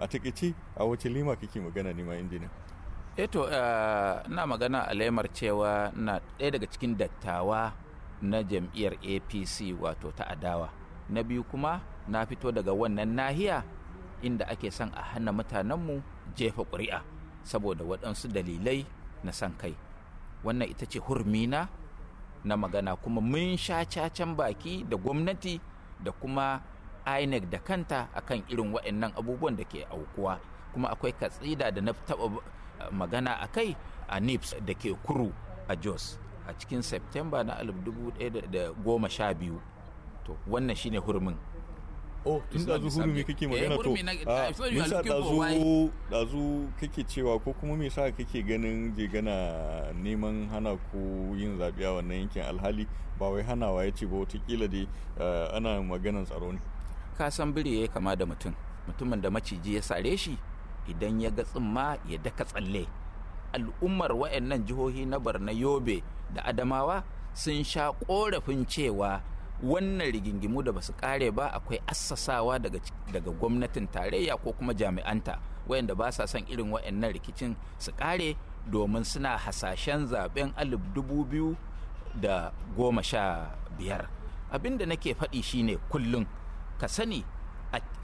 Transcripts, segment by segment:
a takaice a wace lima kake magana ne ma injiniya eto eh eh, na magana a laimar cewa na ɗaya daga cikin dattawa na jam'iyyar apc wato ta adawa na biyu kuma na fito daga wannan nahiya inda ake son a hana mutanenmu jefa ƙuri'a saboda waɗansu dalilai na san kai wannan ita ce hurmina na magana kuma mun sha cacen baki da gwamnati da kuma inec da kanta akan irin waɗannan abubuwan da ke aukuwa kuma akwai katsida da na taɓa eh, magana a kai a nips da ke kuru a jos a cikin september na 1912 to wannan shine hurumin oh tun da zu hurumi kake magana eh, to nisa da zu da zu kake cewa ko kuma me sa kake ganin je gana neman hana ko yin zaɓe a wannan yankin alhali ba wai hanawa ya ce ba wataƙila dai eh, ana maganan tsaro ne ka san biri ya kama da mutum mutumin da maciji ya sare shi idan ya ga tsumma ya daka tsalle al'ummar wayannan jihohi na barna yobe da adamawa sun sha ƙorafin cewa wannan rigingimu da basu kare ba akwai assasawa daga, daga gwamnatin tarayya ko kuma jami'anta wayanda ba sa son irin wayannan rikicin su kare domin suna hasashen zaben alif dubu biyu da goma sha biyar abinda da nake faɗi shine kullum ka sani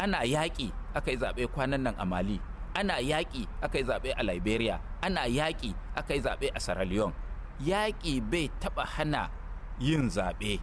ana yaƙi aka yi zaɓe kwanan nan a mali ana yaƙi aka yi zaɓe a liberia ana yaƙi aka yi zaɓe a sierra leone yaƙi bai taɓa hana yin zaɓe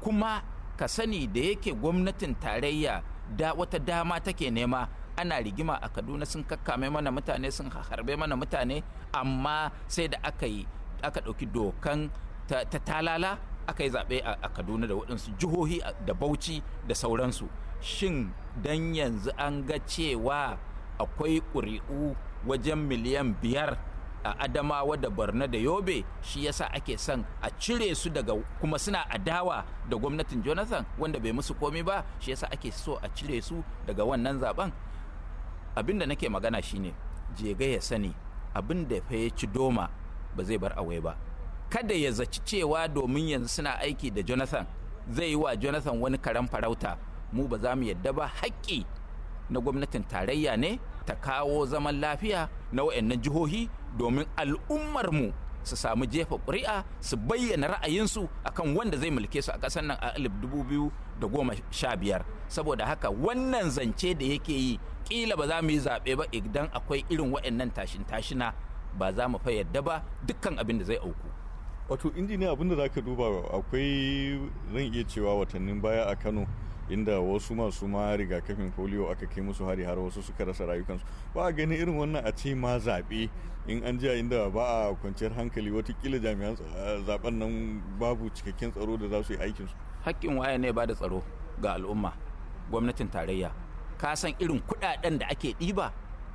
kuma ka sani da yake gwamnatin tarayya da wata dama take nema ana rigima a kaduna sun kakkame mana mutane sun harbe mana mutane amma sai da aka yi aka ɗauki dokan ta talala aka yi zaɓe a kaduna da waɗansu jihohi da bauchi da sauransu shin don yanzu an ga cewa akwai ƙuri'u wajen miliyan biyar a adamawa da borno da yobe shi yasa ake son a cire su daga kuma suna adawa da gwamnatin jonathan wanda bai musu komi ba shi yasa ake so a cire su daga wannan zaben abin da nake magana shine jega ya sani abin da ya ci doma ba zai bar awai ba kada ya zaci cewa domin yanzu suna aiki da jonathan zai yi wa jonathan wani karen farauta mu ba za mu yadda ba haƙƙi na gwamnatin tarayya ne ta kawo zaman lafiya na wa'annan jihohi domin al'ummarmu su samu jefa ƙuri'a su bayyana ra'ayinsu akan wanda zai mulke su a ƙasar nan a alif dubu biyu da goma sha biyar saboda haka wannan zance da yake yi ƙila ba za mu yi zaɓe ba idan akwai irin wa'annan tashin tashina ba za mu fa yadda ba dukkan abin da zai auku wato injiniya abinda za ka duba akwai zan iya cewa watannin baya a kano inda wasu masu ma rigakafin polio aka kai musu hari har wasu suka rasa rayukansu ba a gani irin wannan a ce ma zaɓe in an jiya inda ba a kwanciyar hankali watakila jami'an zaben nan babu cikakken tsaro da za su yi aikinsu hakkin waya ne ba da tsaro ga al'umma gwamnatin tarayya ka san irin kuɗaɗen da ake ɗiba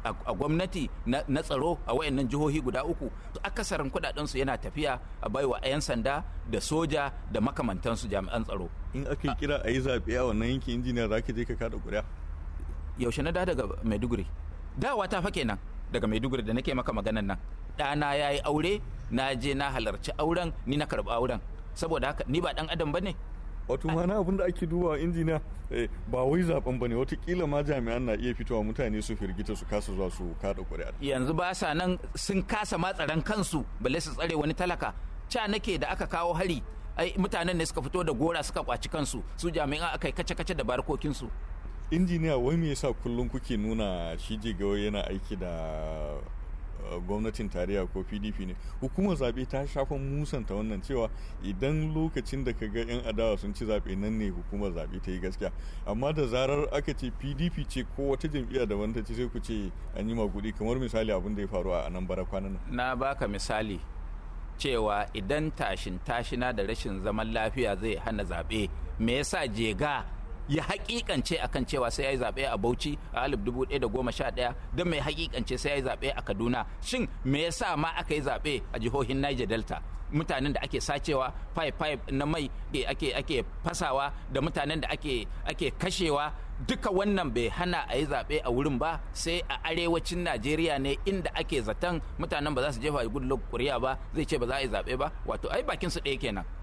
a gwamnati na tsaro a wayannan jihohi guda uku akasarin kudaden su yana tafiya a baiwa 'yan sanda da soja da makamantansu jami'an tsaro in aka kira a yi zaɓe a wannan yankin injiniyar za je ka kada ƙuri'a? yaushe na da daga maiduguri dawa ta fa nan daga maiduguri da nake maka maganan nan ɗana ya yi aure na je na halarci auren ni na karɓi auren saboda haka ni ba ɗan adam ba ne wato mana abin ake duba injiniya eh, ba wai zaben bane watakila ma jami'an na iya fitowa mutane su firgita su kasa zuwa su kada ƙuri'a yanzu ba sa nan sun kasa ma tsaron kansu balle su tsare wani talaka ca nake da aka kawo hari ai mutanen ne suka fito da gora suka kwaci kansu su jami'an aka yi kace-kace da su injiniya wai me yasa kullum kuke nuna shi jigawa yana aiki da gwamnatin tarayya ko pdp ne hukumar zaɓe ta shafan musanta wannan cewa idan lokacin da ka ga 'yan adawa sun ci zaɓe nan ne hukumar zaɓe ta yi gaskiya amma da zarar aka ce pdp ce ko wata jam'iyya da ta ce sai ku ce an yi magudi kamar misali abin da ya faru a bara kwanan nan na baka misali cewa idan tashin tashina da rashin zaman lafiya zai hana zaɓe me yasa jega ya hakikance akan cewa sai ya yi zaɓe a Bauchi a dubu ɗaya da goma sha ɗaya don mai hakikance sai ya yi zaɓe a Kaduna shin me yasa ma aka yi zaɓe a jihohin Niger Delta mutanen da ake sacewa pipe-pipe na mai ake ake fasawa da mutanen da ake ake kashewa duka wannan bai hana a yi zaɓe a wurin ba sai a arewacin najeriya ne inda ake zaton mutanen ba za su jefa gudun kuriya ba zai ce ba za a yi zaɓe ba wato ai bakin su ɗaya kenan